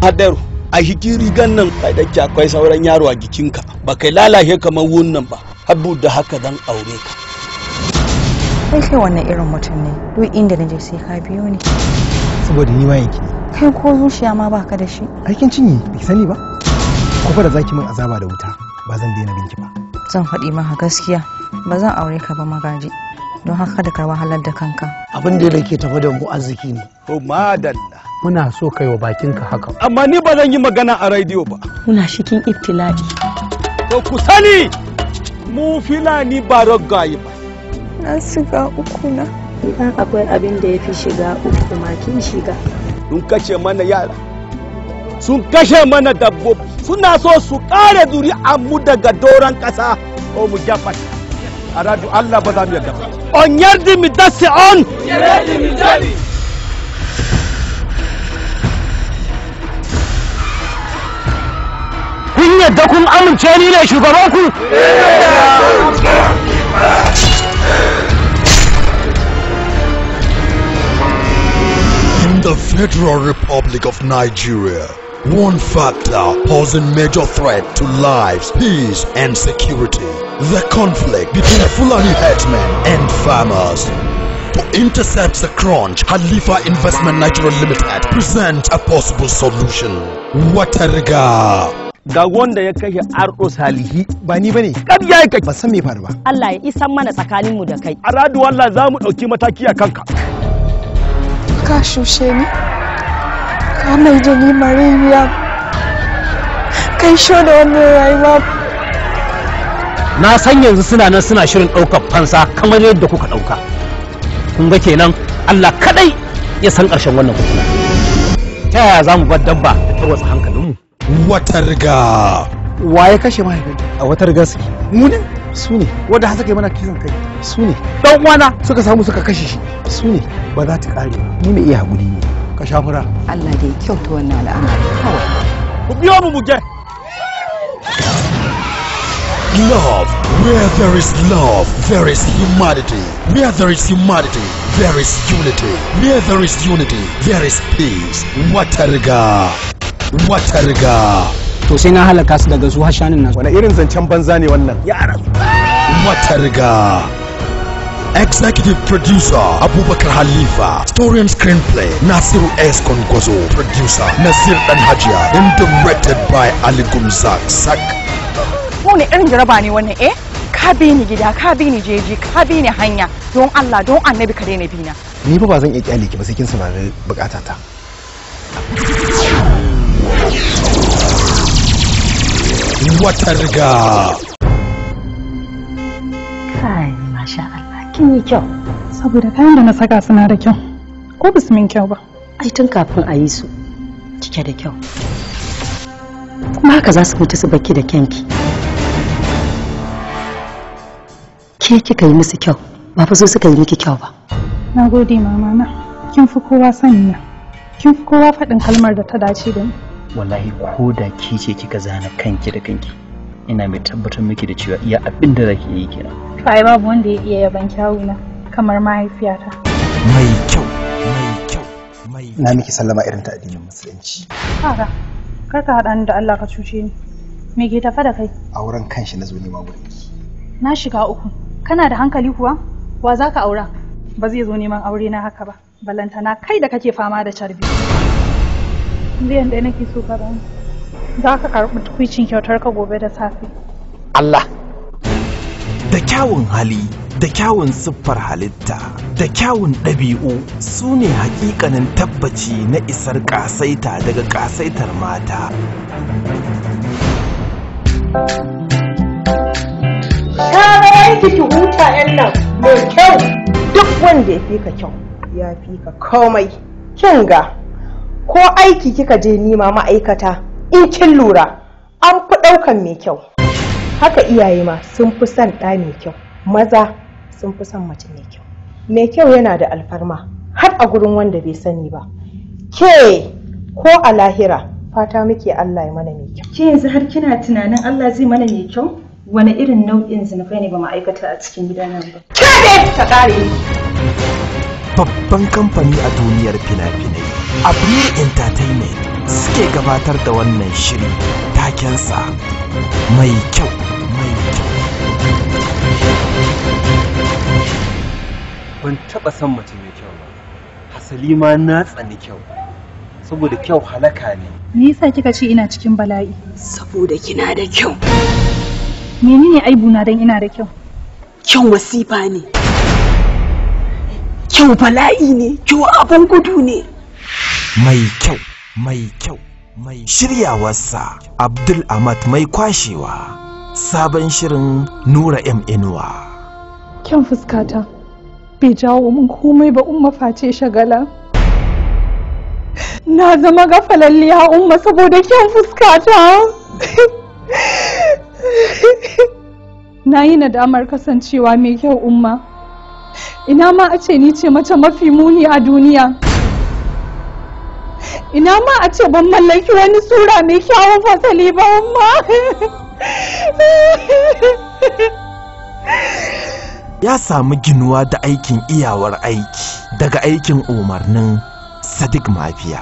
hadaru a jikin rigan nan kai da akwai sauran yaro a jikinka ba kai lalace kamar wannan ba habu da haka dan aure ka kai kai wannan irin mutum ne duk inda na je sai ka biyo ni saboda ni ma yake kai ko zuciya ma baka da shi aikin cinye bai sani ba ko da zaki min azaba da wuta ba zan daina binki ba zan faɗi maka gaskiya ba zan aure ka ba magaji don haka da ka wahalar da kanka abin da yake tafa da mu arziki ne to madalla muna so kai wa bakin ka haka amma ni ba zan yi magana a rediyo ba muna shikin ibtila'i to ku sani mu filani ba raggaye ba na shiga uku na idan akwai abin da ya fi shiga uku ma kin shiga sun kashe mana yara sun kashe mana dabbobi suna so su kare zuri'an mu daga doron kasa ko mu jafata a aradu Allah ba za mu yarda on yardi mi dasi on yardi mi dali kun yarda kun amince ni ne shugaban ku In the Federal Republic of Nigeria, One factor posing major threat to lives, peace and security. The conflict between Fulani headsmen and farmers. To intercept the crunch, Khalifa Investment Nigeria Limited presents a possible solution. Watariga. ga wanda ya kashe ardo salihi ba ni bane kar yayi kai ba san me faru ba Allah ya isan mana tsakanin mu da kai radu Allah za mu dauki mataki a kanka ka shushe ni mai jini mariya kai sho da wannan rayuwa na san yanzu suna nan suna shirin ɗaukar fansa kamar yadda kuka ɗauka kun ga kenan allah kaɗai ya san ƙarshen wannan hukuma ta yaya za mu bar dabba da tarwatsa hankalinmu wata riga wa ya kashe mahaifinta a wata riga suke mu ne su ne wanda haka kai mana kisan kai su ne dan uwana suka samu suka kashe shi su ne ba za ta kare mu mai iya hakuri ne ka sha fura Allah da ya kyauta wannan al'amari kawai ku biyo mu mu Love, where there is love, there is humanity. Where there is humanity, there is unity. Where there is unity, there is peace. watarga. riga, wata riga. To sai na halaka su daga su hashanin nasu. Wani irin zancen banza ne wannan? Yara. Wata riga. Executive Producer Abubakar Halifa Story and Screenplay Nasiru S. Kongozo Producer Nasir Danhajia Then directed by Ali Gumzak Sak Wani irin jaraba ne wannan eh? Ka bi ni gida, ka bi ni jeji, ka bi ni hanya don Allah don annabi ka daina na. Ni fa ba zan iya kyale ki ba sai kin saurari bukatata. Wata riga. Kai, masha Allah. cikin yi kyau saboda kayan da na saka suna da kyau ko ba min kyau ba ai tun kafin a yi su cike da kyau kuma haka za su mutu su baki da kyanki ke kika yi musu kyau ba fa so suka yi miki kyau ba na gode mama na kin fi kowa sani na kin fi kowa faɗin kalmar da ta dace da ni wallahi ko da ki ce kika zana kanki da kanki ina mai tabbatar miki da cewa iya abin da zaki yi kenan ai babu wanda ya iya yaban na kamar mahaifiyata mai kyau mai kyau mai na miki sallama irin ta addinin musulunci haka kar ka haɗa ni da Allah ka cuce ni me ke tafa da kai auren kanshi na zo nema gurin na shiga uku kana da hankali kuwa wa za ka aura ba zai zo neman aure na haka ba balantana kai da kake fama da carbi biyan ɗaya nake so ka bani za ka karɓi tukwicin kyautar ka gobe da safe Allah da kyawun hali da kyawun siffar halitta da kyawun ɗabi'u su ne hakikanin tabbaci na isar ƙasaita daga ƙasaitar mata aiki ki huta yan nan mai kyau duk wanda ya fi ka kyau ya fi ka komai kin ga ko aiki kika je nima ma'aikata in kin lura an fi ɗaukan mai kyau haka iyaye ma sun fi son ɗa mai kyau maza sun fi son mace mai kyau mai kyau yana da alfarma har a gurin wanda bai sani ba ke ko a lahira fata muke Allah ya mana mai kyau ke yanzu har kina tunanin Allah zai mana mai kyau wani irin nau'in zinafai ne ba ma'aikata a cikin gidanan ba ke ta kare babban kamfani a duniyar fina-finai Abrir Entertainment suke gabatar da wannan shiri takensa mai kyau mai kyau ban taɓa son mace mai kyau ba hasali ma na tsani kyau saboda kyau halaka ne me yasa kika ce ina cikin bala'i saboda kina da kyau menene aibuna don ina da kyau kyau wasifa ne kyau bala'i ne kyau abin gudu ne mai kyau mai kyau mai shiryawarsa abdul ahmad mai kwashewa sabon shirin nura mnwa inuwa kyan fuskata bai jawo min komai ba umma face shagala na zama gafalalliya umma saboda kyan fuskata na yi nadamar kasancewa mai kyau umma ina ma a ce ni ce mace mafi muni a duniya ina ma a ce ban mallaki wani sura mai kyawun fasali ba ma ya samu ginuwa da aikin iyawar aiki daga aikin umarnin sadiq mafiya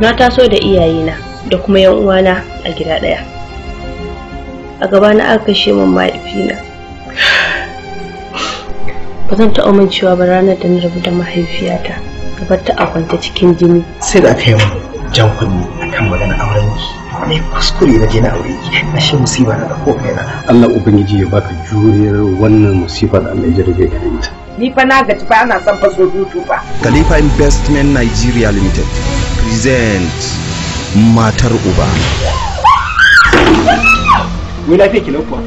na taso da iyayena da kuma yan uwana a gida ɗaya a gabana aka kashe min mahaifina ba zan ta amincewa ba ranar da na rabu da mahaifiyata gabar ta akwanta cikin jini sai da aka yi jan kunni akan magana auren ki ne kuskure na je na aure ki na shi musiba na dauko kaina Allah ubangiji ya baka juriyar wannan musiba da Allah ya jirge ka ita ni fa na gaji fa ana son faso dutu fa Khalifa Investment Nigeria Limited present matar uba wai lafiya ki kuwa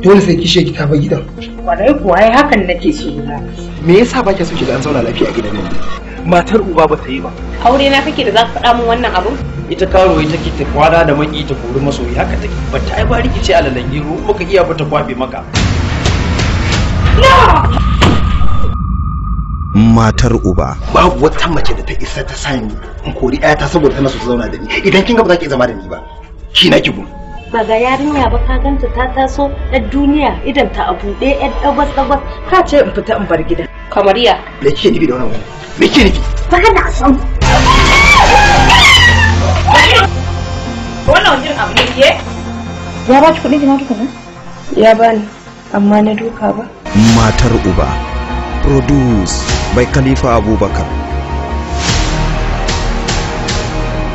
dole sai kishe ki ta bar gidan kwarai kuwa ai hakan nake so na me yasa ba ke so ki ga an zauna lafiya a gidan nan matar uba ba ta yi ba aure na kake da za ka faɗa min wannan abu ita karo ita ke kwana da maki ta kori masoyi haka take ba ta ai ba rikice a lalange ruwa ka iya ba ta kwabe maka No! matar uba babu wata mace da ta isa ta ni in kori ɗaya ta saboda tana so ta zauna da ni idan kin ga ba za ki zama da ni ba ki na ki bu ba ga yarinya ba ka ganta ta taso ɗan duniya idan ta abu ɗaya ɗan ɗabas ɗabas ka ce in fita in bar gida kamariya. me kike nufi da wannan wani me kike nufi ba na son. wannan wajen abu ne ke ya ba ki kuɗin jina tukuna ya bani amma na duka ba matar uba produced by Khalifa Abubakar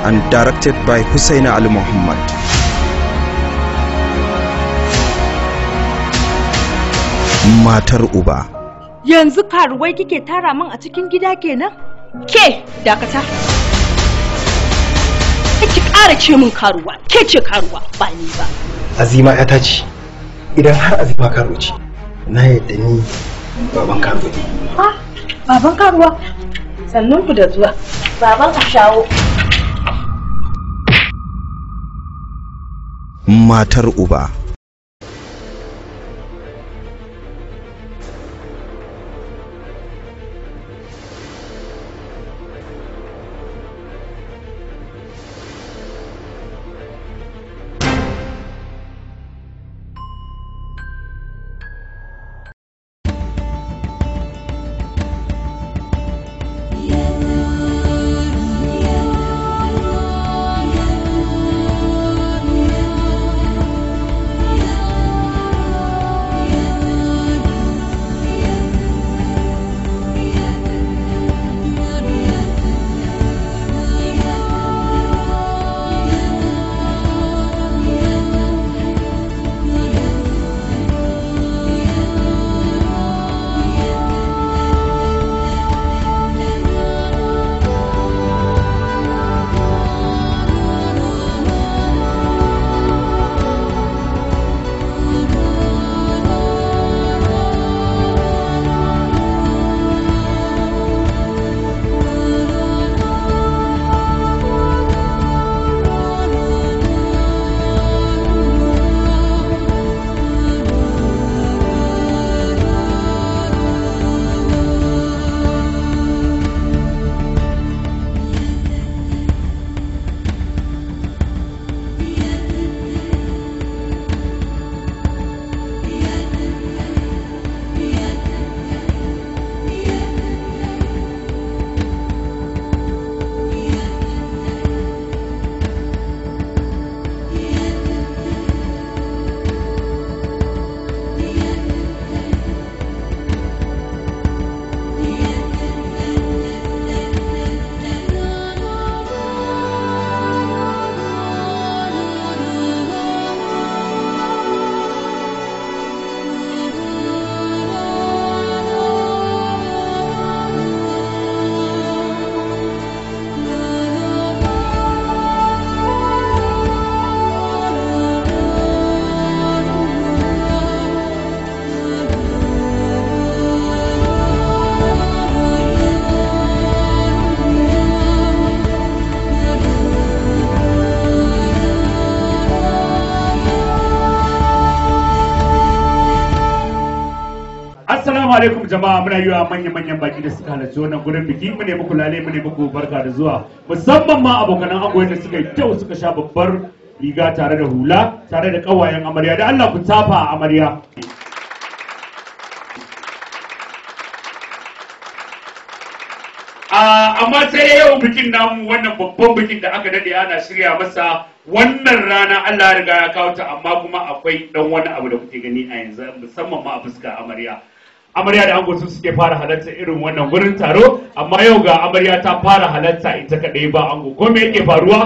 and directed by Hussein Ali Muhammad. Matar Uba Yanzu karuwai kike tara min a cikin gida kenan? Ke, dakata. Ki ƙara ce min karuwa, ke ce karuwa ba ni ba. Azima ta ce, idan har azima karuwa ce, na yadda ni baban karuwa ha baban karuwa sannan ku da zuwa baban ku shawo matar uba jama'a muna yi wa manya-manyan baki da suka halarci wannan gurin biki mu ne muku lalai mu ne muku barka da zuwa musamman ma abokanan ango da suka yi kyau suka sha babbar riga tare da hula tare da kawayen amarya da Allah ku tafa amarya ah, amma sai yau bikin namu wannan babban bikin da aka dade ana shirya masa wannan rana Allah ya riga ya kawo ta amma kuma akwai dan wani abu da kuke gani a yanzu musamman ma a fuska amarya amarya da ango su suke fara halarta irin wannan gurin taro amma yau ga amarya ta fara halarta, ita kaɗai ba ango ko me yake faruwa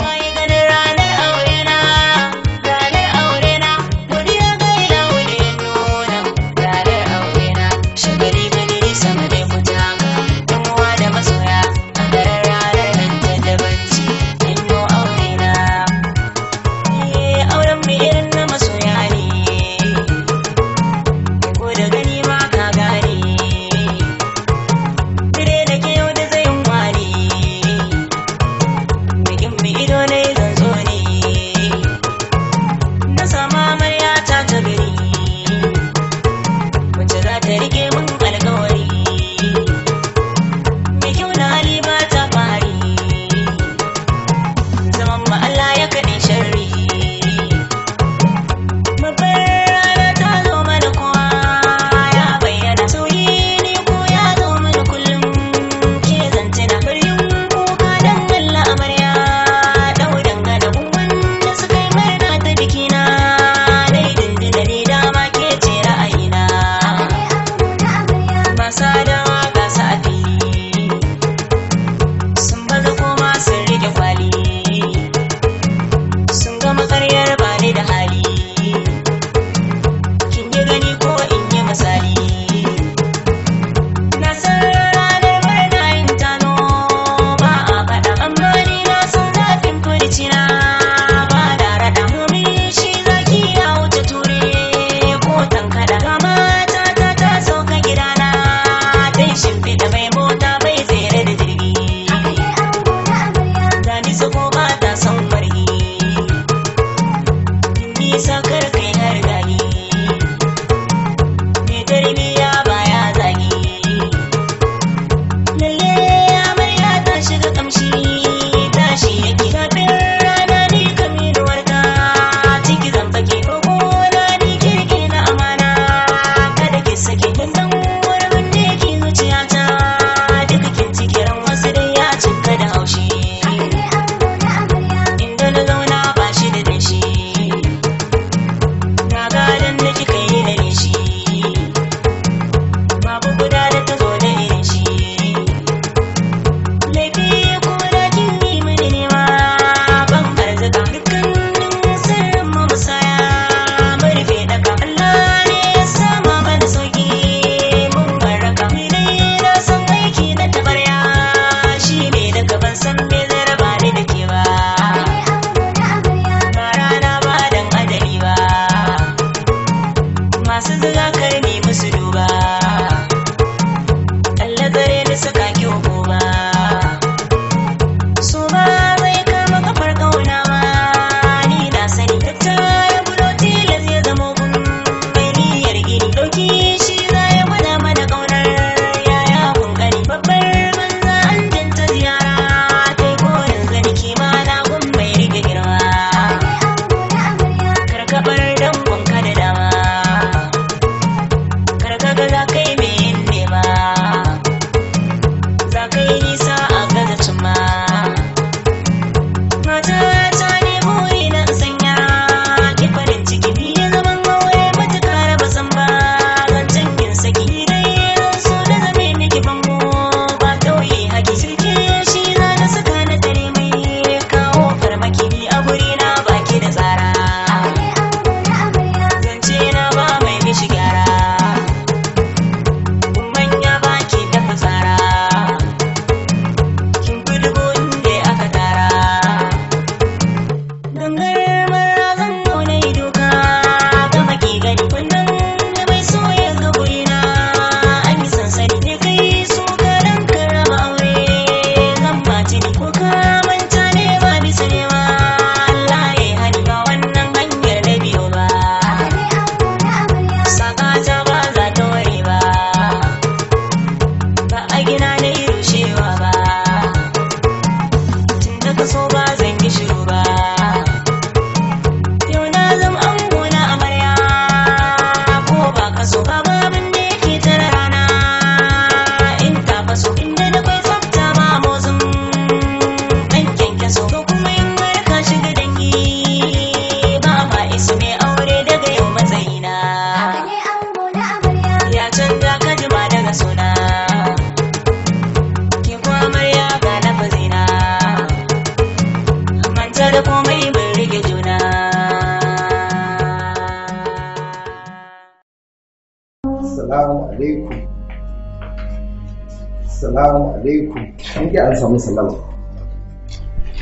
assalamu alaikum an ki an samu sallama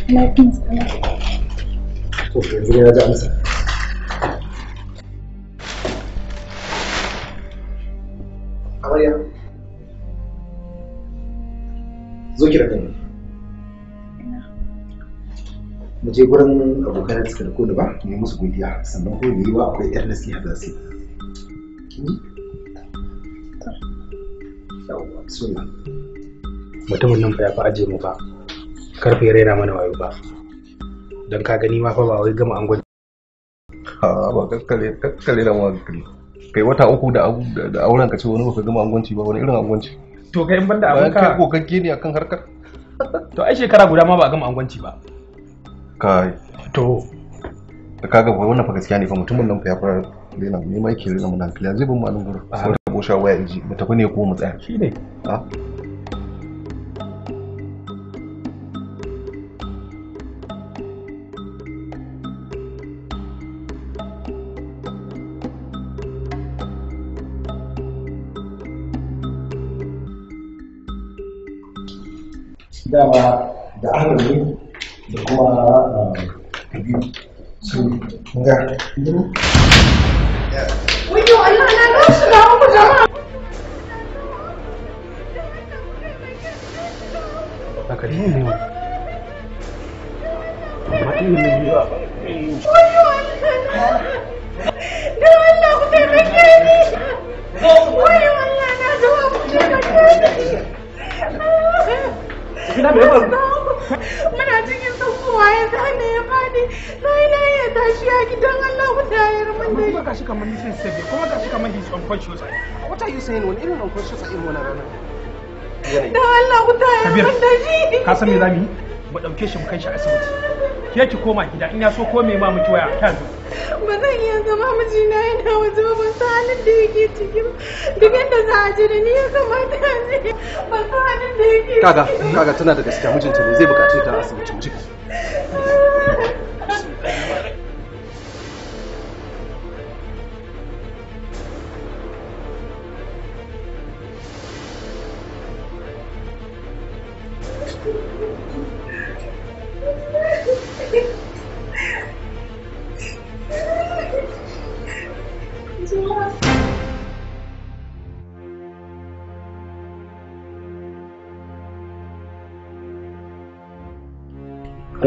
lafiyan sallama to yanzu ne na ji amsa amarya zo ki da kai mu je gurin abokan da suka rako da ba mu musu godiya sannan kuma yiwuwa yi wa akwai yar nasiha da su hmm? yawwa suna mutumin nan fa ya fi aje mu ba karfe raina mana wayo ba don ka gani ma fa ba wai gama an gwada ha ba kakkale kakkale da magani kai wata uku da auren ka ce wani baka gama angwanci ba wani irin angwanci to kai in banda abin ka kai kokakke ne akan harkar to ai shekara guda ma ba a gama angwanci ba kai to da kaga ba wannan fa gaskiya ne fa mutumin nan fa ya fara rena ne ma yake rena mun hankali zai bin mu a sai ta bosha waya inji mu tafi ne ko mu tsaya shine ha dah dah ada ni semua lebih sulit. Enggak. Wujud Allah nak sudah apa jangan. Tak ada ni. Mati ni juga. Wujud Allah. gida mai muna cikin saukowa ya zane ya fadi raina ya tashi gidan Allah ya rumun da kamar nisan kuma kamar unconscious what are you saying irin unconscious a irin wannan ranar da Allah ya rumun da shi ka san me zamu yi mu dauke shi mu kai shi asibiti ke ki koma gida in ya so ko me ma miki waya ta zo ya zama mijina yana waje ba san halin da yake ciki duk yadda za a je da ni ya zama ta je ba san halin da yake kaga kaga tana da gaskiya mijinta ne zai bukaci ta asibiti mu ciki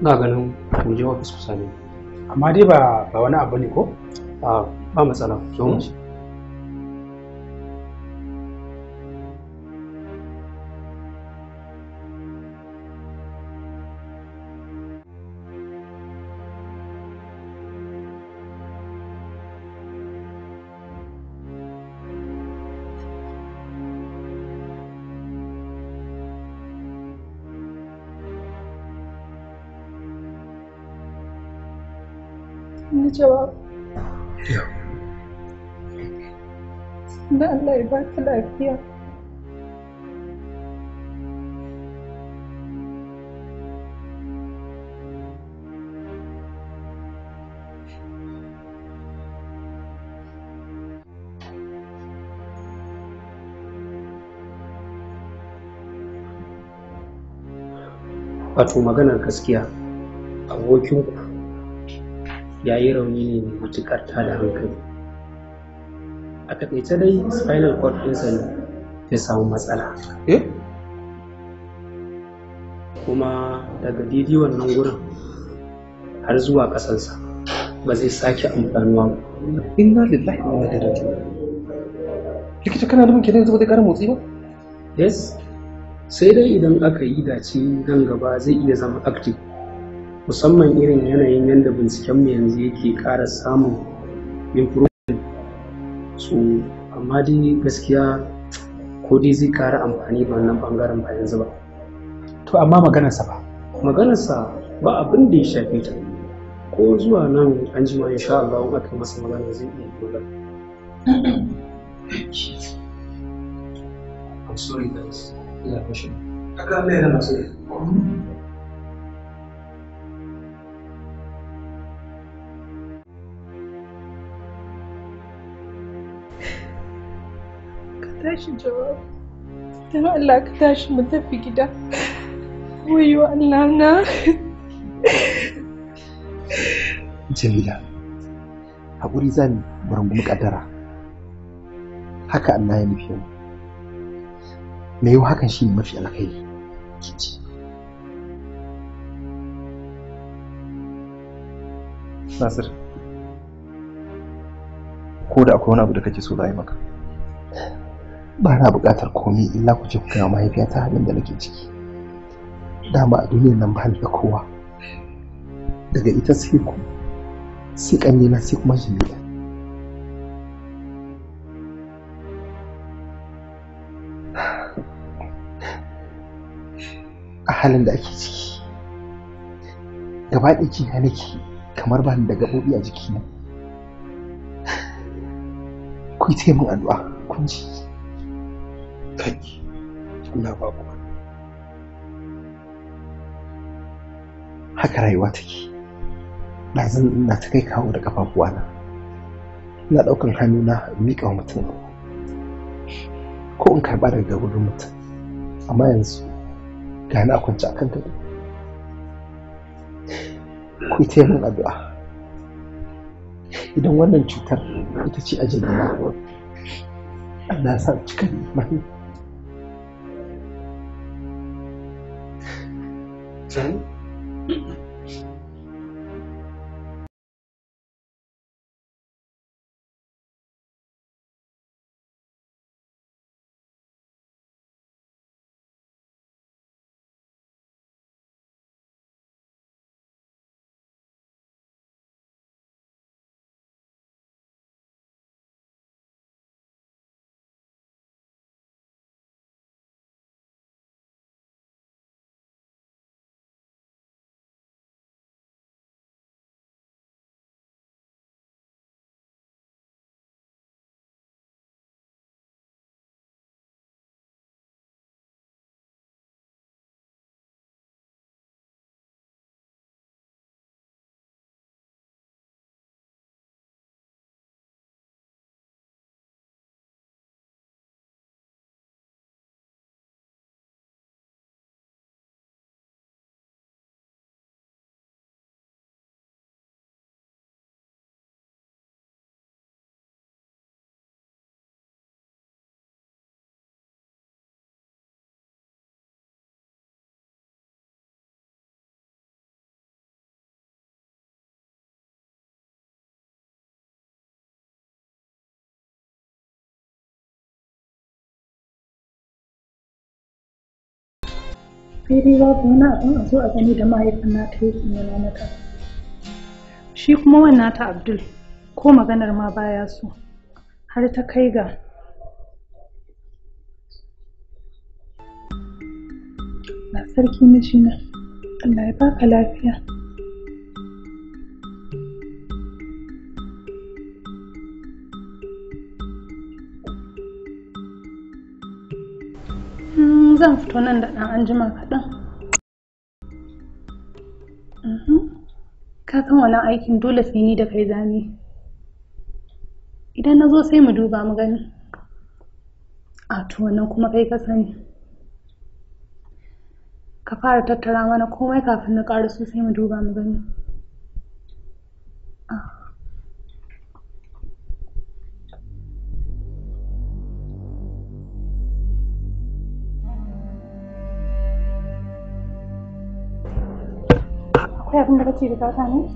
ina ganin mu je ofis ku ne amma dai ba wani abu ne ko ah, ba matsala so mu cewa na Allah wato maganar gaskiya abokinku ya yi rauni ne mai matuƙar tada hankali a taƙaice dai spinal cord ɗinsa ne ta samu matsala eh? kuma daga didi wannan gurin har zuwa ƙasansa ba zai sake amfanuwa ba inna lillahi wa inna ilaihi raji'un likita kana nufin kenan yanzu ba zai ƙara motsi ba yes sai dai idan aka yi dace nan gaba zai iya zama active musamman irin yanayin yadda bincikenmu yanzu yake ƙara samun improvement so amma dai gaskiya ko dai zai ƙara amfani ba wannan ɓangaren ba yanzu ba to amma maganarsa ba maganarsa ba abin da ya shafe ta ko zuwa nan an in sha Allah aka masa magana zai iya kula I'm sorry guys. Yeah, for sure. I can't let him bashi jawabi don Allah ka tashi mu tafi gida wayo Allah na Jamila haƙuri za mu barangun ƙadara haka Allah ya nufi mu me yau hakan shi ne mafi alkhairi kici Nasir ko da akwai wani abu da kake so za a maka Bana na buƙatar komai illa ku ce ku mahaifiyata halin da nake ciki dama a duniyar nan ba ni da kowa daga ita sai ku sai ƙannena sai kuma jimila a halin da ake ciki gaba ɗaya jina nake kamar ba ni da gaɓoɓi a jikina ku yi taimun addu'a kun ji kai ina ba ku haka rayuwa take ɗazin ina ta kai kawo da ƙafafuwana ina ɗaukan hannuna miƙa wa mutum ko in karɓa daga wurin mutum amma yanzu ga na kwanci akan gado ku yi taimun addu'a idan wannan cutar ita ce a jini na Allah ya sa cika imani 神 sai dai babu wani abin a zo a gani da mahaifin nata ya tsinana mata shi kuma wannan ta abdul ko maganar ma baya so har ta kai ga na sarki mijina allah ya baka lafiya zan fito nan da ɗan anjima kaɗan mhm. ka san wani aikin dole sai ni da kai zami idan na zo sai mu duba mu gani a to wannan kuma kai ka sani ka fara tattara mana komai kafin na ƙarasu sai mu duba mu gani ah. akwai abin da kake riga wata ne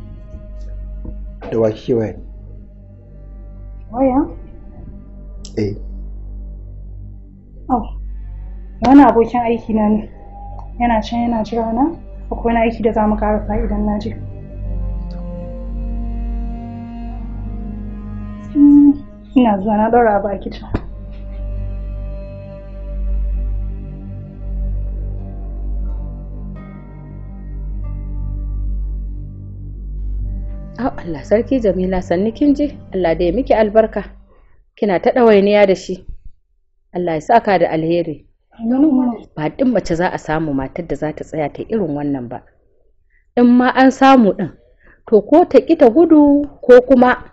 da wa kike waya waya eh oh wani abokin aiki na ne yana can yana jira na akwai wani aiki da za mu karasa idan na je ina zuwa na ɗaura a baki can Allah sarki Jamila sannu kin ji Allah da ya miki albarka kina ta ɗawainiya da shi Allah ya saka da alheri ba ɗin mace za a samu matar da za ta tsaya ta irin wannan ba in ma an samu ɗin to ko ta ƙi ta gudu ko kuma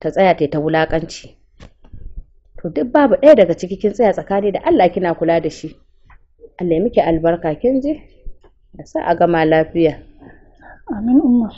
ta tsaya ta ta wulaƙanci to duk babu ɗaya daga ciki kin tsaya tsakani da Allah kina kula da shi Allah ya miki albarka kin ji da sa a gama lafiya amin umma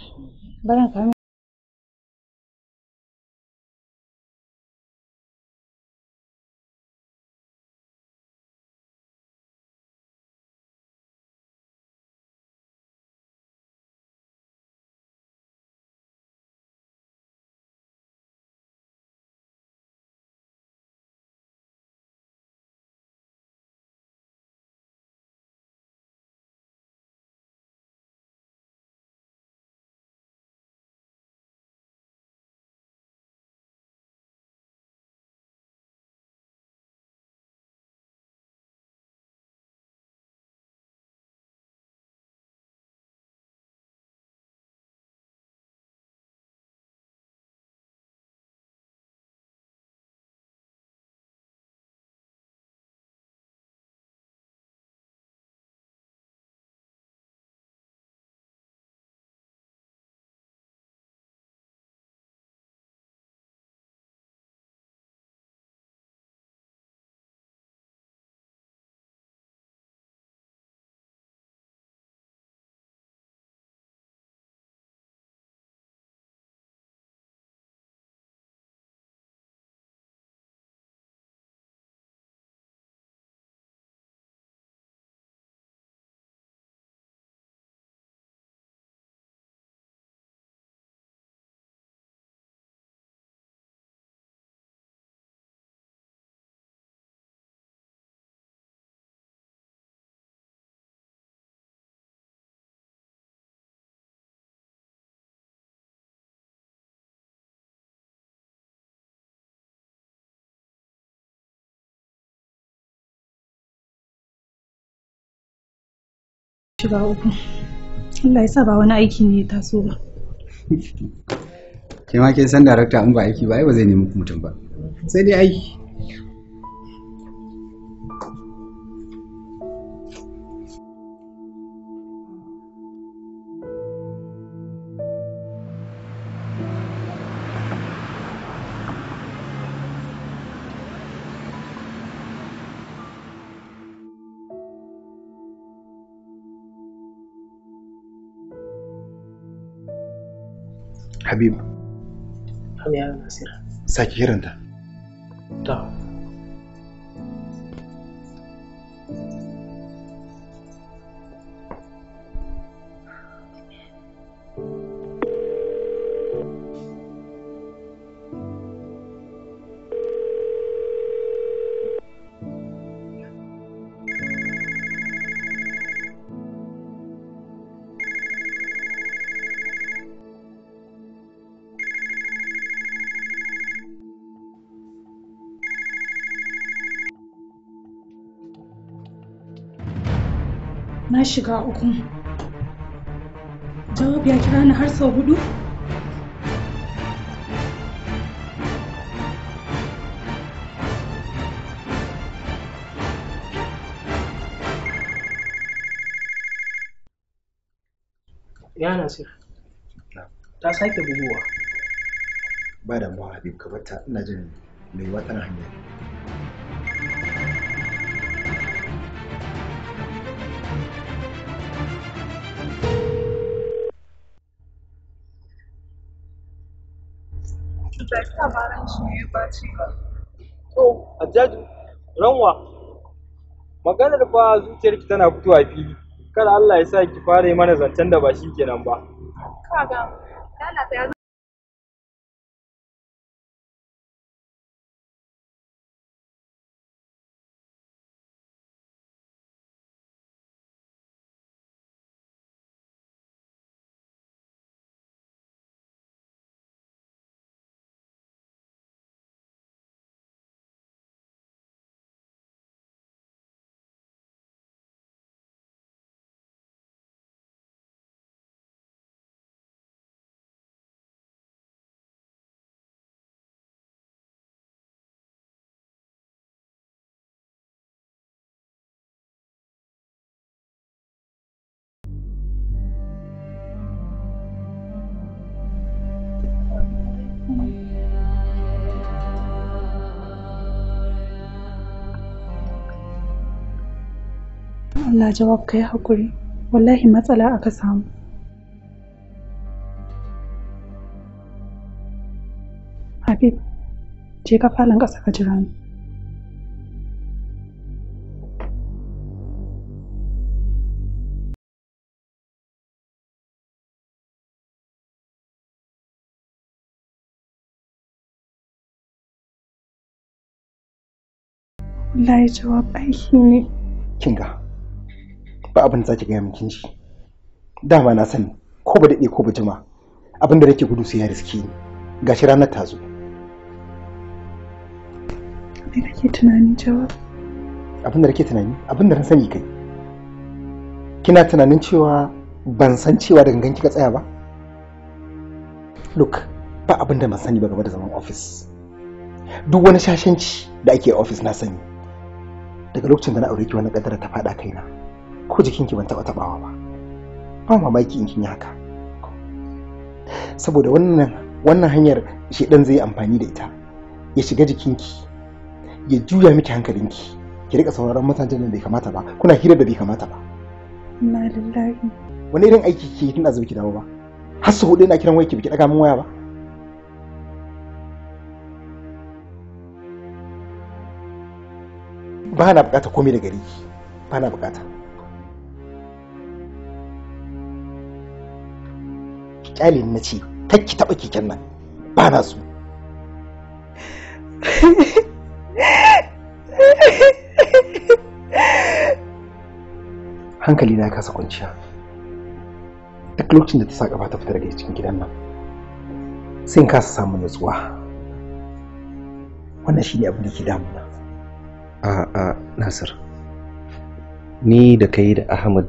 shiga uku Allah ya sa ba wani aiki ne ya taso ba ke ma kin san darakta in ba aiki ba ai ba zai nemi mutum ba sai dai aiki Habib. Hamiya Nasira. Saki kiranta. Ta. na shiga uku jawab ya kira ni har sau hudu ya nasir ta sake buguwa ba da mu habib ka ina jin mai watan hanya Hajjaj ta ba shi ba. To, Hajjaj ranwa maganar zuciyarki tana fitowa fili. Kada Allah ya sa ki fara mana zancen da ba shi kenan ba. Allah jawab ka yi haƙuri wallahi matsala aka samu habib je ka falon ƙasa ka jira ni wallahi jawab aiki ne kinga ba abin da zaki gaya min kinji dama na sani ko ba daɗe ko ba jima abin da nake gudu sai ya riske ni gashi ranar ta zo me kake tunani jawab abin da nake tunani abin da na sani kai kina tunanin cewa ban san cewa da gangan kika tsaya ba look ba abin da ban sani ba game da zaman office duk wani shashanci da ake office na sani daga lokacin da na aure ki wani kadara ta faɗa kaina ko jikinki ban taɓa taɓawa ba ba mamaki in kin yi haka saboda wannan wannan hanyar shedan zai amfani da ita ya shiga jikinki ya juya miki hankalinki ki rika sauraron mutanen da bai kamata ba kuna hira da bai kamata ba na lillahi wani irin aiki ke tun azuki dawo ba har su hudu na kiran wayarki biki daga min waya ba ba na bukata komai da gari ba na bukata kyale na ce ki taba keken nan ba na so hankali na kasa kwanciya duk lokacin da ta sa gaba ta fita daga cikin gidan nan sai in kasa samun nutsuwa wannan shi ne abin da ke damuna a a nasir ni da kai da ahmad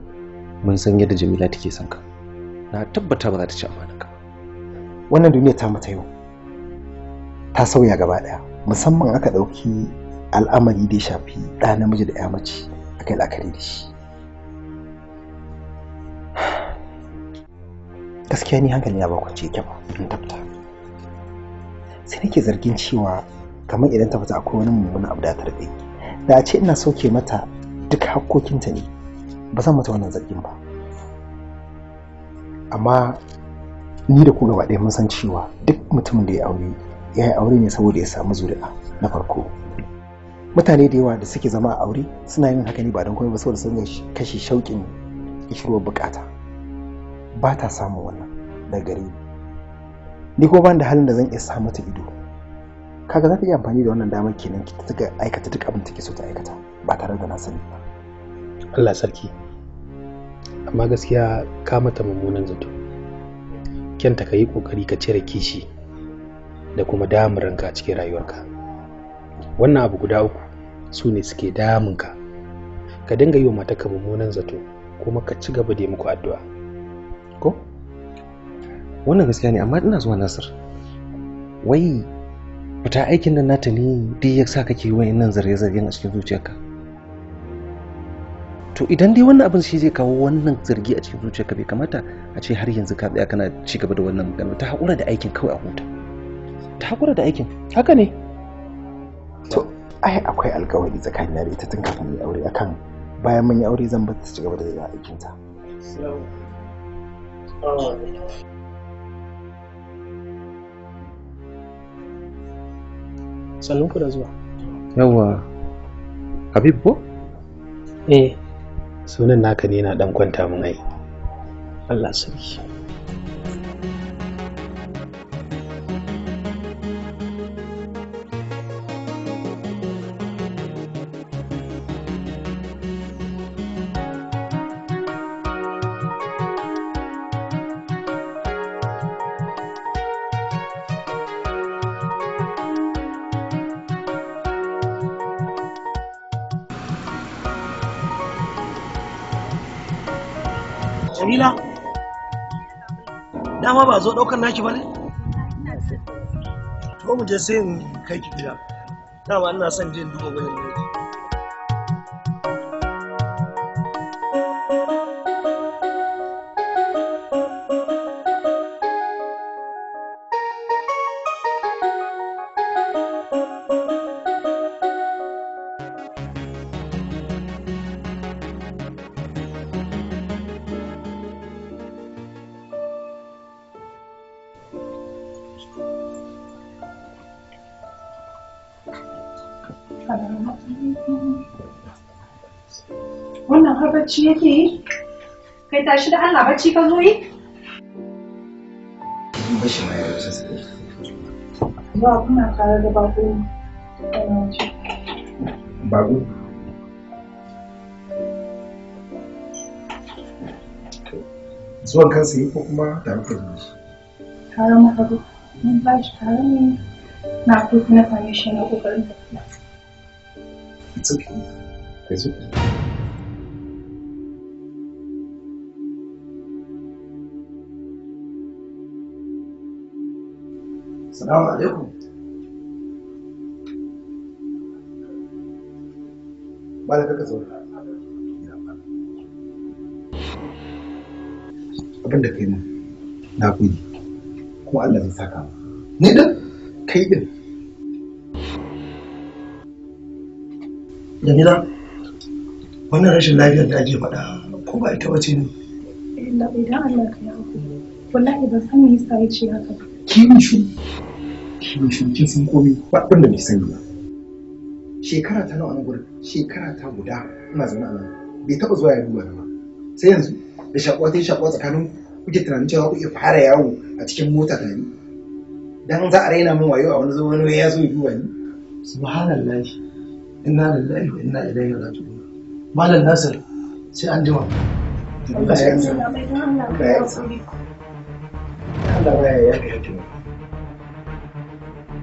mun san yadda jamila take son ka na tabbata ba za ta ci ka wannan duniya ta mata yau ta sauya gaba daya musamman aka dauki al'amari da ya shafi ɗa namiji da ya mace aka yi la'akari da shi gaskiya ni hankali na ba ce ke ba in tabta sai nake zargin cewa kamar idan ta fita akwai wani mummuna abu da ta da a ce ina soke mata duk hakokinta ne ba zan mata wannan zargin ba amma ni da ku gaba ɗaya mun san cewa duk mutum da ya aure ya yi aure ne saboda ya samu zuri'a na farko mutane da yawa da suke zama a aure suna yin haka ne ba don komai ba saboda sun kashe shauƙin kishirwar bukata ba ta samun wannan da gari ni ko ban da halin da zan iya samu ta ido kaga za ta yi amfani da wannan damar kenan ki ta aikata duk abin da take so ta aikata ba tare da na sani ba Allah sarki amma gaskiya ka mata mummunan zato kyanta ka yi ƙoƙari ka cire kishi da kuma damun ranka a cikin rayuwarka wannan abu guda uku su ne suke damunka ka dinga yi wa matarka mummunan zato kuma ka ci gaba da muku addu'a ko wannan gaskiya ne amma ina zuwa nasir wai fita aikin nan nata ne duk ya kake yi nan zarge-zargen a cikin zuciyarka to idan dai wannan abin shi zai kawo wannan zargi a cikin zuciyarka bai kamata a ce har yanzu ka tsaya kana ci gaba da wannan magana ta haƙura da aikin kawai a huta ta haƙura da aikin haka ne to ai akwai alkawari tsakanin da ita tun kafin mu aure akan bayan mun yi aure zan bar ta ci gaba da yin aikin ta Salon ku da zuwa yawwa habib ko eh sunan naka ne na dan kwanta mun ai Allah sarki ba zo ɗaukar naki ba To mu je sai in kai ki gida. Dama ina son jin duba gudun bacci yake yi kai da Allah bacci ka zo yi bashi mai da sassa ba kuna da bako bako zuwan kansa yi ko kuma da ni ba mun ba shi tare ne na kuma na fahimci na kokarin it's okay it's okay Assalamu alaikum. Bala kaka zauna. Abin da kai mun na gode kuma Allah zai saka mu. Ni din kai din. Jamila wannan rashin lafiyar da ake faɗa ko ba ita wace ne? Eh, idan Allah ka yi haƙuri. Wallahi ban san me yasa ya ce haka ba. Ki yi shi shi kin san da bai sani ba shekara ta nawa a gurin shekara ta guda ina zama a nan bai taba zuwa ya duba ba sai yanzu da shakuwa ta shakuwa tsakanin kuke tunanin cewa kuke fara yawo a cikin mota tare dan za a raina min wayo a wani zo wani ya zo ya duba ni subhanallah inna lillahi wa inna ilaihi raji'un malam nasir sai an jima Allah ya yi Allah ya yi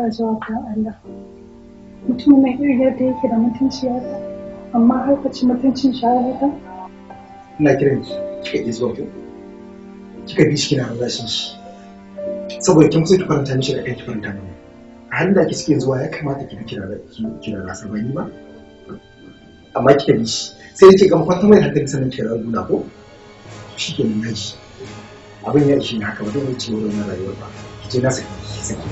kira zuwa ga Allah mutum nan irin yadda yake da mutunci ya amma har ka ci mutuncin shahararta ina kiran ki kika ki zuwa ki kika bi shi na rarrashin shi saboda kin kusa ki faranta mishi da kai ki faranta mini a halin da suke zuwa ya kamata ki kira kira rasa ba ni ba amma kika bi shi sai ki gama kwata mai hankali sanin kira guna ko shi ke nuna shi abin ya ishe ni haka ba zan wuce wurin rayuwar ba ki je na saki ki saki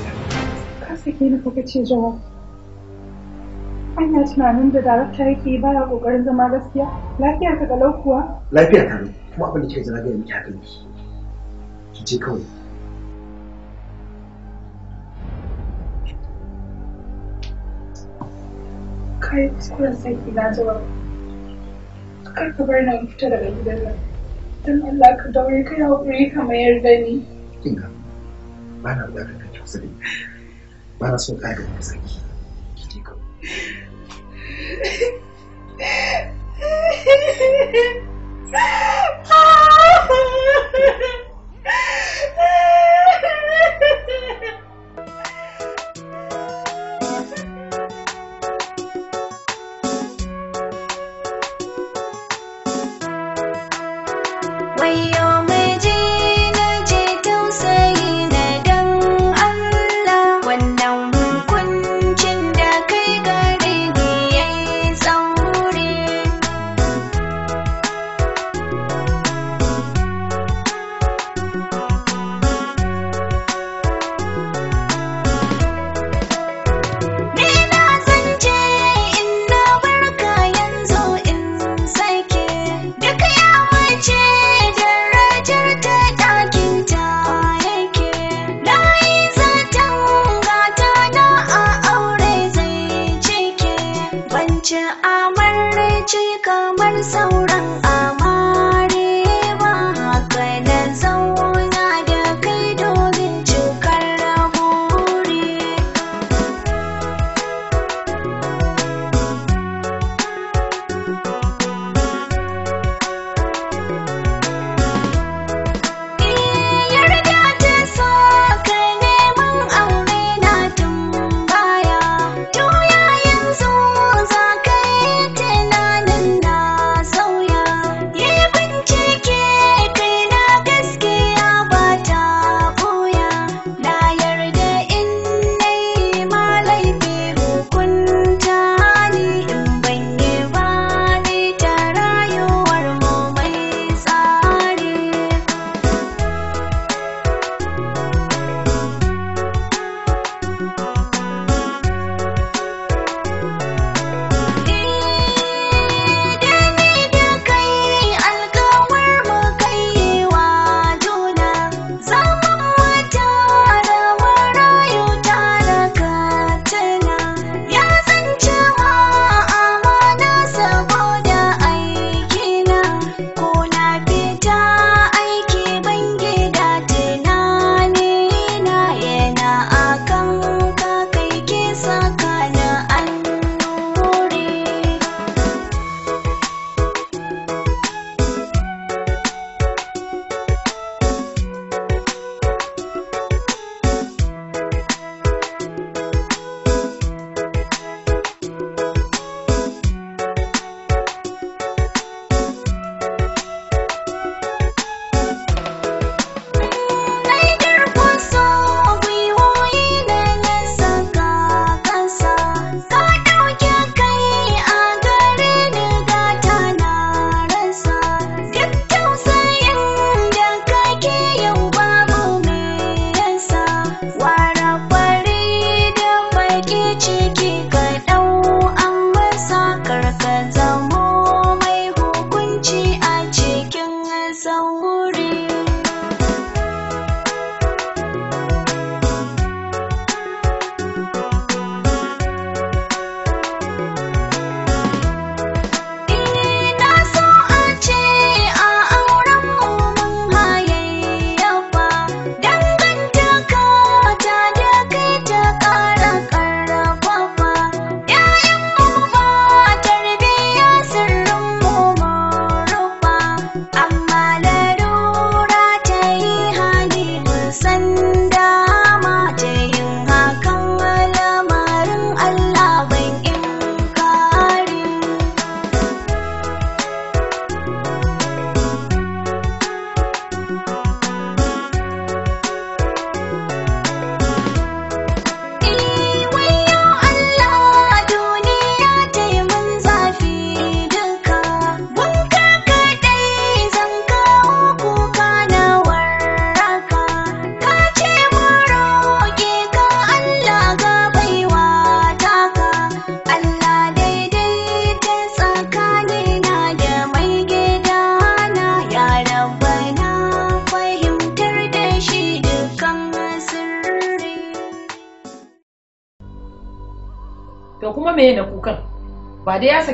sake ni ka ce jawab Anya tunanin da ta darakta yake ba ya ƙoƙarin zama gaskiya lafiya ka galau kuwa lafiya ka kuma abin da kika jira ga miki hakan ki ki je kawai kai kuskuren sarki na zuwa kar ka bar na fita daga gidan nan don Allah ka daure ka yi haƙuri ka mayar da ni kinga ba na buƙatar ka kusa da ni ba so son ƙarin da ki dai kawai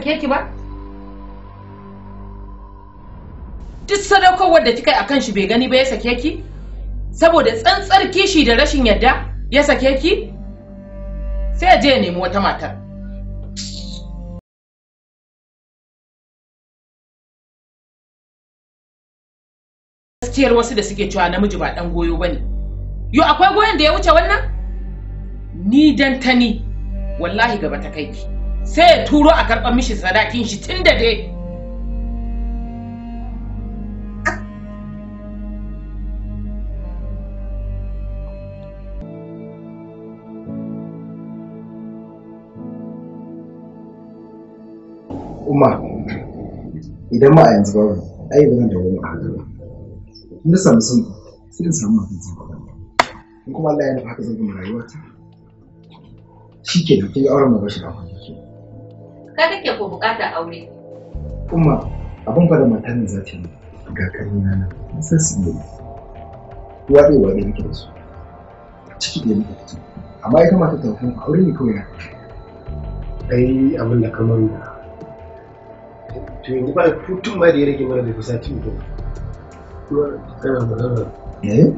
sake ki ba duk sadaukarwar da kika yi akan shi bai gani ba ya sake ki saboda tsantsar kishi da rashin yadda ya sake ki sai ya je ya nemi wata matar gaskiyar wasu da suke cewa namiji ba ɗan goyo ba ne, yo akwai goyon da ya wuce wannan ni dan tani wallahi gaba ta kai ki sai ya turo a karɓar mishi sadakin shi tun da dai Umma, idan ma a yanzu babu, ai ba zan da wani ba. Na samu sun sai in samu mafi zan ba. In kuma Allah ya nufa haka zan gama ta. Shi ke da kai auren mu ba shi da kwanaki. ka kake ko bukatar aure kuma abin fa da matan za ta yi ga karina na na san su ne waɗe waɗe nake da su ciki da nake da amma ya kamata ta kuma aure ne kawai na ai abin da kamar da to yanzu ba hutun ma da ya rage mana da kusa ci mutum kuma kana magana eh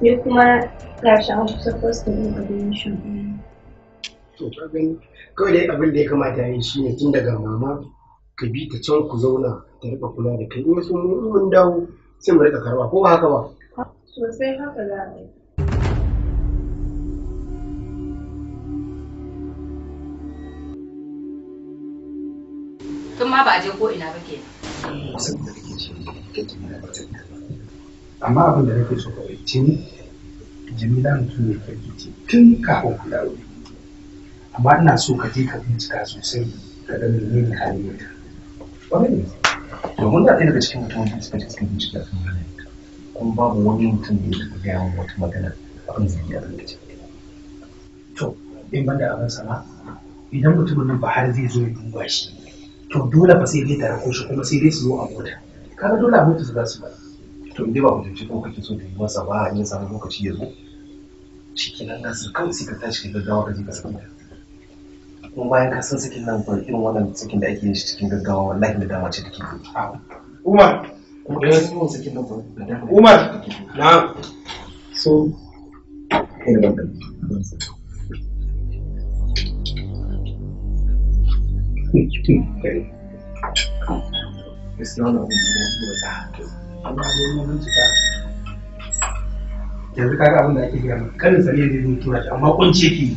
ya kuma ga shi an kusa first da yin abin shan to ka gani kawai dai abin da ya kamata yi shi ne tun daga mama ka bi ta can ku zauna ta rika kula da kai in sun mun dawo sai mu rika karba ko ba haka ba sosai haka za a yi tun ma ba a je ko ina ba eh, ke amma abin da nake so kawai tuni jamila mutum ne ce tun kafin ku dawo amma ina so ka je ka bincika sosai ka ga menene halayyarta domin na ɗaya daga cikin mutum da suka ce bincika sun halayyarta kuma babu wani mutum da ya gaya wa wata magana abin zai a rikici to in ban da abin sana idan mutumin nan ba har zai zo ya duba shi to dole ba sai dai tare ko shi kuma sai dai su zo a mota kaga dole a mota su za su ba to in dai ba ce ko kake so da yi masa ba a yin samun lokaci ya zo shi kenan su kawai sai ka tashi ka gaggawa ka je ka saki kuma bayan ka san sakin nan fa irin wannan sakin da ake yin shi cikin gaggawa wallahi da dama ce take yi Umar kuma ka san yawan sakin nan fa da dama Umar na so kai da banka yanzu kaga abin da ake gaya maka karin sani da zai tura shi amma kunce ki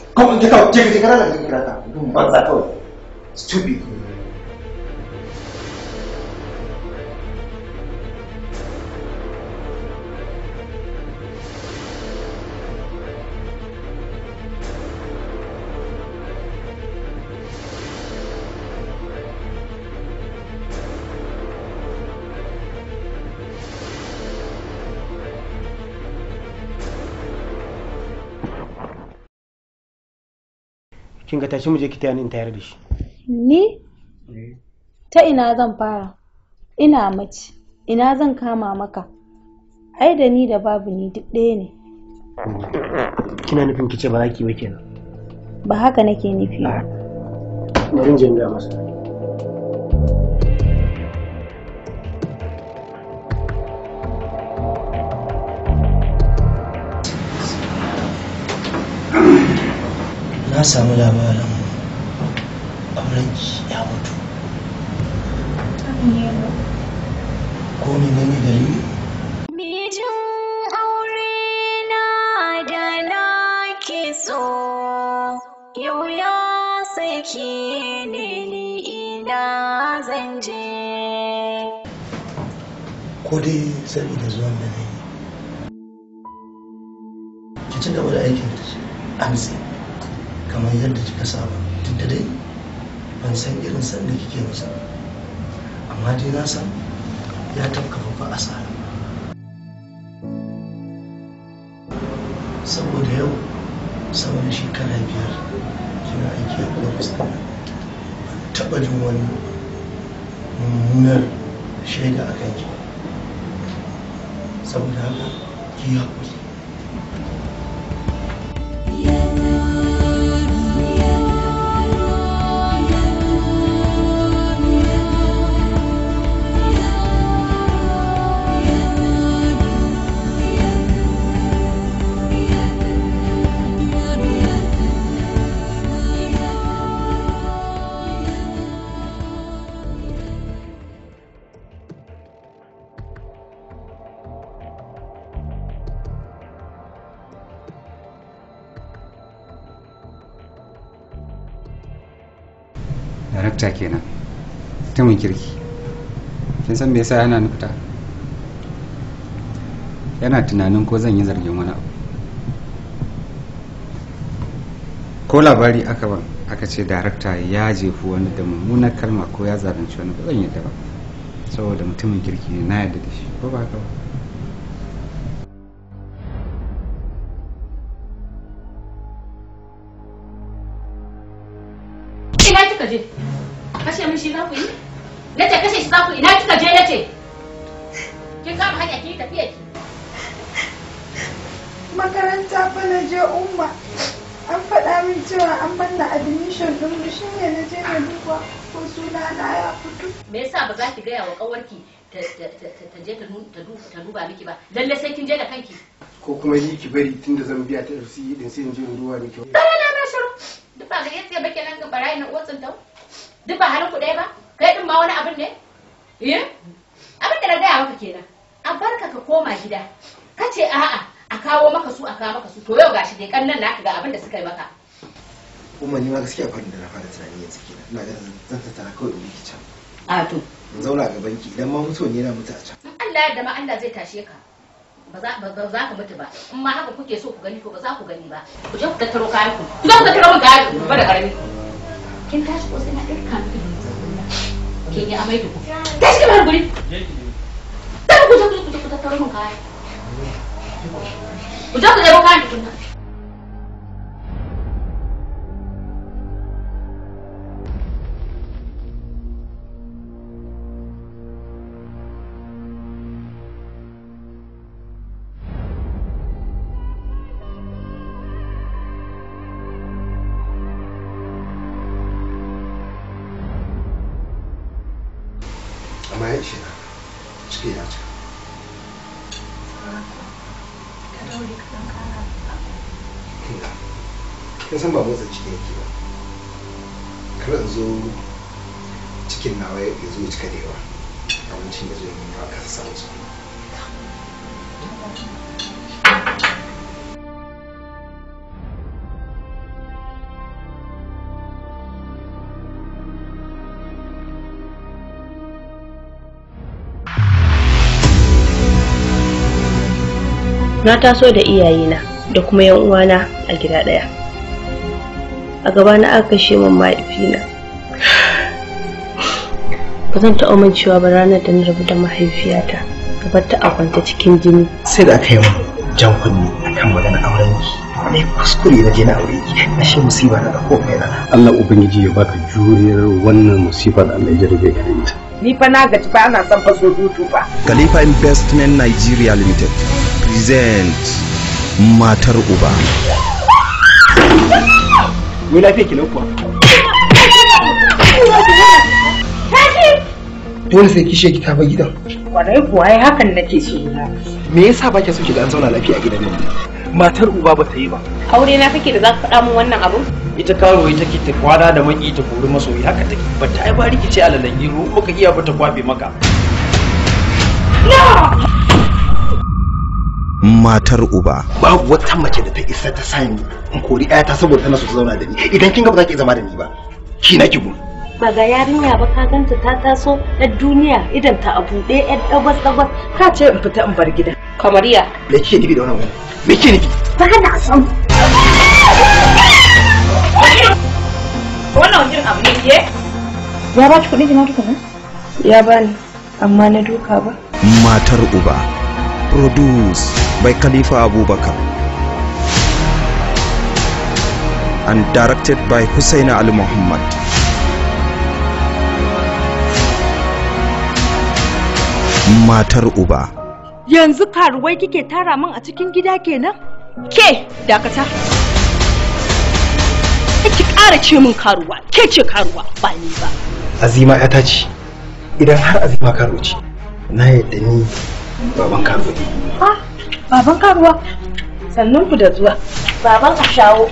그러면 걔가 어째 그 생각을 하는 게 그렇다. 눈만 닦고, 스튜비. 음. kin ga tashi mu je ki taya ni in tayar da shi ni eh. ta ina zan fara ina mace ina zan kama maka ai da ni da babu ni duk ɗaya ne kina nufin kice ba za ki ba kenan ba haka nake nufi ba bari in je masa na samu labarin aurenki ya mutu ko mijin aure da na so yau ya sake ne ni ina ko dai zuwan da na da aikin da shi amsi kamar yadda kika saba duk da dai ban san irin san da kike masa amma dai na san ya tafka babba asara saboda yau saboda shi kana biyar kina aiki a ofis ban taɓa jin wani mummunar shaida a kanki saboda haka ki haƙuri kirki kin san me yasa yana ni yana tunanin ko zan yi zargin wani abu ko labari aka ban aka ce darakta ya jefu wani da mummunar kalma ko ya zalunci wani ba zan yadda ba saboda mutumin kirki ne na yadda da shi ko ba haka ba ta duba miki ba lalle sai kin je da kanki ko kuma yi ki bari tunda zan biya ta FC e din sai in je in duba miki bare na na shiru duk ba gare ta bake nan ga barayi na otsin ta duk ba halin ku ɗaya ba kai din ma wani abin ne eh abin da na gaya maka kenan a barka ka koma gida ka ce a'a a kawo maka su a kawo maka su to yau gashi dai kannan naka ga abin da suka yi maka kuma ma gaskiya da na fara tunani yanzu kenan zan tattara kawai in can a to in zauna ga banki idan ma mutuwa ne na mutu a can Allah yadda ma Allah zai tashe ka ba za ka mutu ba in ma haka kuke so ku gani ko ba za ku gani ba ku je ku tattaro kayan ku ku zo ku tattaro mun kayan ku ba da karami kin tashi ko sai na ɗirka miki kin yi amai da ku tashi ki bar guri ku je ku je ku tattaro mun kayan ku je ku je ku kayan ku na taso da iyayena da kuma yan uwana a gida ɗaya a gaba na aka kashe min mahaifina ba zan taɓa cewa ba ranar da na rabu da mahaifiyata gabar ta akwanta cikin jini sai da aka yi jan kunni akan magana auren ki ne kuskure na je na aure ki shi musiba na mai kaina Allah ubangiji ya baka juriyar wannan musibar Allah ya jarrabe ka da ita ni fa na gaji ba ana son faso dutu ba Khalifa Investment Nigeria Limited present matar uba Ni lafiya ki kuwa. Dole sai kishe ki ta ba gidan. Kwarai kuwa ai hakan nake so. Me yasa ba ki so ki ga an zauna lafiya a gidan nan? Matar uba ba ta yi ba. Aure na kake da za ka faɗa min wannan abu? Ita karo ita ke ta kwana da maki ta kori masoyi haka take. Ba ta ai ba rikice a lalangiru ka iya ba ta kwafe maka. No! matar uba babu wata mace da ta isa ta sa ni in kori ɗaya ta saboda tana so ta zauna da ni idan kin ga ba za ki zama da ni ba ki na ki gun ba ga yarinya ba ka ganta ta taso ɗan duniya idan ta abu ɗaya ɗan ɗabas ɗabas ka ce in fita in bar gida kamariya me kike nufi da wannan wani me kike nufi ba na son wannan wajen abu ne ke ya ba ki kuɗin ki na Ya ba ni amma na duka ba matar uba produced by Khalifa Abubakar and directed by Hussein Ali Muhammad. Matar Uba Yanzu karuwai kike tara min a cikin gida kenan? Ke dakata. Ki kara ce min karuwa, ke ce karuwa ba ni ba. Azima ya ce, idan har azima karo ce, na yadda ni baban karuwa ha baban karuwa sannan ku da zuwa baban a shawo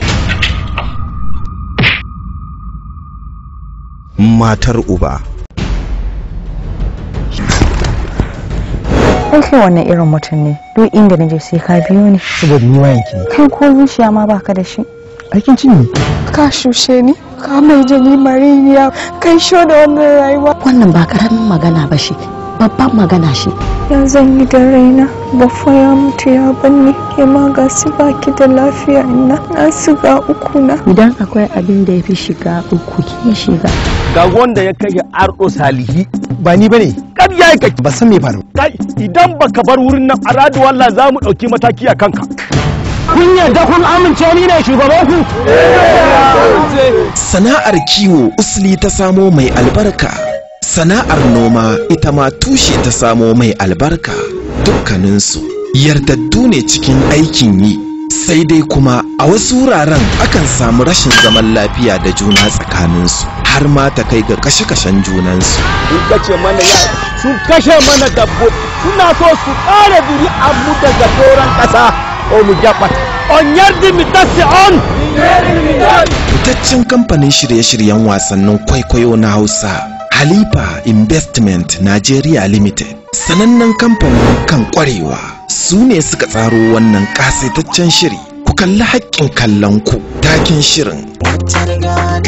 matar uba Kun ce wannan irin mutum ne duk inda je sai ka biyo ni saboda ni wayan yanki. Kan ko zuciya ma ka da shi aikin cin ne ka shushe ni ka mai jini mariniya kai sho da wannan rayuwa wannan ba karamin magana ba shi babban magana shi zan yi da raina ba ya mutu ya banne ke ma ga su baki da lafiya ina na ga uku na idan akwai abin da ya fi shiga uku ki shiga ga wanda ya kai arɗo salihi ba ni bane kar yayi ka ba san me faru kai idan baka bar wurin nan a radu walla za mu ɗauki mataki a kanka kun yarda kun amince ni ne shugaban ku eh! sana'ar kiwo usli ta samo mai albarka sana'ar noma ita ma tushe ta samo mai albarka dukkaninsu yardaddu ne cikin aikin yi sai dai kuma a wasu wuraren akan samu rashin zaman lafiya da juna tsakaninsu har ma ta kai ga kashe-kashen junansu sun kashe mana dabbo suna so su ƙara duri abu daga doron ƙasa olu mu jabat on yardi mi dasi on fitaccen kamfanin shirye-shiryen wasannin kwaikwayo na hausa Halifa Investment Nigeria Limited sanannen kamfanin kan kwarewa su ne suka tsaro wannan kasaitaccen shiri ku kalli haƙƙin kallon ku takin shirin. na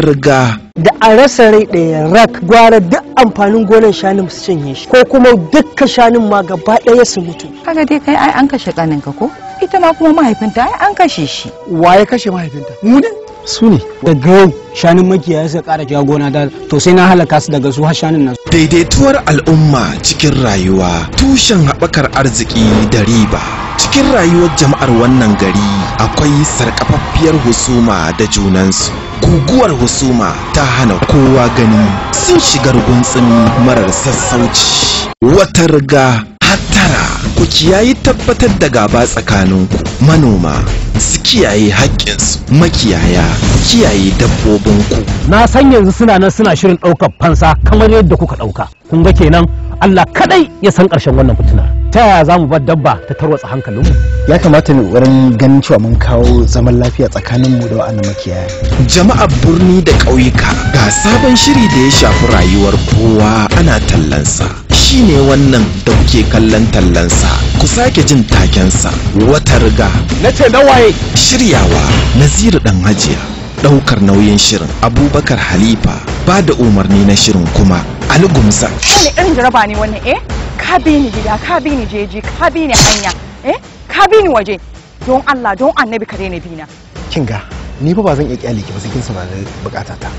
an riga da a rasa rai ɗaya rak gwara duk amfanin gonan shanun su cinye shi ko kuma dukkan shanun ma gaba ɗaya su mutu kaga dai kai ai an kashe ka ko ita ma kuma mahaifinta ai an kashe shi Wa ya kashe mahaifinta mu ne su ne daga yau shanun ya suka kara shiga gona da to sai na halaka su daga su har shanun nasu daidaituwar al'umma cikin rayuwa tushen haɓakar arziki da riba cikin rayuwar jama'ar wannan gari akwai sarkafaffiyar husuma da junansu guguwar husuma ta hana kowa gani sun shigar gunsun marar sassauci wata riga hattara ku kiyayi tabbatar da gaba tsakaninku manoma su kiyaye haƙƙinsu makiyaya kiyaye dabbobinku na san yanzu suna nan suna shirin ɗaukar fansa kamar yadda kuka ɗauka kun ga kenan allah kaɗai ya san ƙarshen wannan fitinar ta yaya za mu bar dabba ta tarwatsa hankalin mu ya kamata mu wurin ganin cewa mun kawo zaman lafiya tsakanin mu da wa'annan makiyaya jama'a birni da ƙauyuka ga sabon shiri da ya shafi rayuwar kowa ana tallansa shi ne wannan dauke kallon tallansa ku sake jin takensa wata riga na ce na waye. shiryawa naziru dan hajiya ɗaukar nauyin shirin abubakar halifa ba da umarni na shirin kuma ali gumsa irin jaraba ne wannan eh ka bi gida ka bi ni jeji ka bi hanya eh ka bi waje don Allah don annabi ka daina bina kin ga ni fa ba zan iya kyale ki ba sai kin saurari bukata ta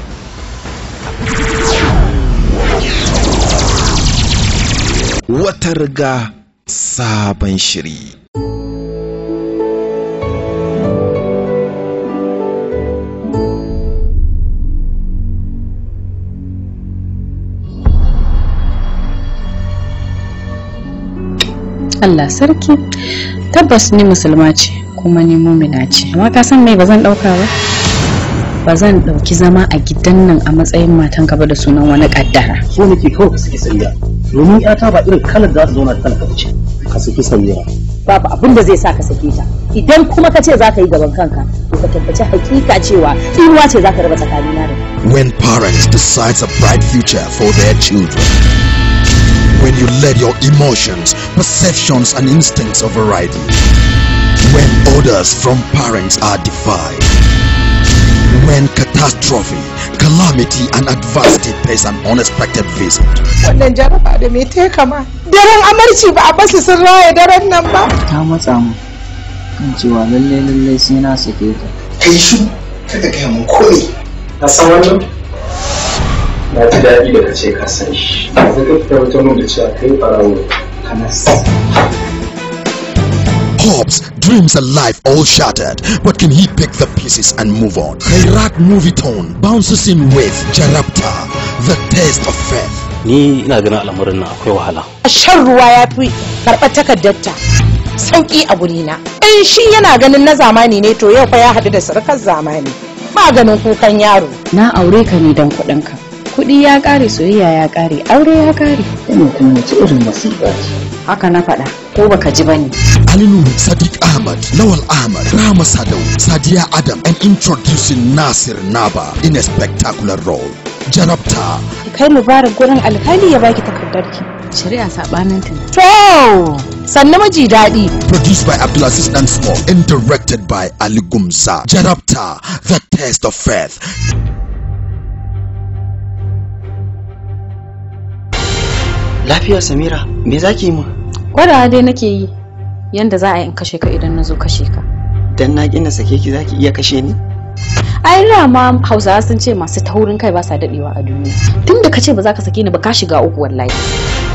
wata riga sabon shiri Allah sarki tabbas ni musulma ce kuma ni mumina ce amma ka san mai ba zan dauka ba ba zan dauki zama a gidan nan a matsayin matan ka ba da sunan wani kaddara so nake kawai ka saki sanya domin yata ba irin kalar da za ta zauna ta talaka ce ka saki sanya babu abin da zai sa ka sake ta idan kuma ka ce za ka yi gaban kanka to ka tabbaci hakika cewa tsinuwa ce za ka raba tsakanina da when parents decides a bright future for their children when you let your emotions, perceptions, and instincts override you. When orders from parents are defied. When catastrophe, calamity, and adversity pays an unexpected visit. Wannan jaraba da me ta kama? Daren amarci ba a basu sun raye daren nan ba? Ta matsa mu kan cewa lalle lalle sai na sake ka. Kai shi kada kai mun kome. Na san wannan? na ji daɗi da kace ka san shi yanzu ka fita mun da cewa kai ɓarawo kanas hopes, dreams, and life all shattered. But can he pick the pieces and move on? Khairat movie tone bounces in with Jarabta, the taste of faith. Ni ina ganin al'amarin nan akwai wahala. Shan ruwa ya fi karɓar takardarta. Sauƙi a gurina. In shi yana ganin na zamani ne to yau fa ya haɗu da surukar zamani. Ba ganin kukan yaro. Na aure ka ne don kuɗinka. kuɗi ya ƙare soyayya ya kare aure ya ƙare ina kuma ci irin masifa haka na faɗa ko baka ji bane Alilu Sadiq Ahmad Lawal Ahmad Rahma Sadau Sadiya Adam and introducing Nasir Naba in a spectacular role Jarabta kai Mubarak gurin alkali ya baki takardarki shari'a sabanin tun to "Sannu maji daɗi produced by Abdulaziz Dan Small and directed by Ali Gumza. Jarabta The test of Faith Lafiya Samira, me za ki yi mu? Gwadawa dai nake yi, yanda za a yi in kashe ka idan na zo kashe ka. Dan na gina sake ki za ki iya kashe ni? Ai ma Hausawa sun ce masu taurin kai ba sa daɗewa a duniya. Tunda ka ce ba za ka sake ni ba ka shiga uku wallahi.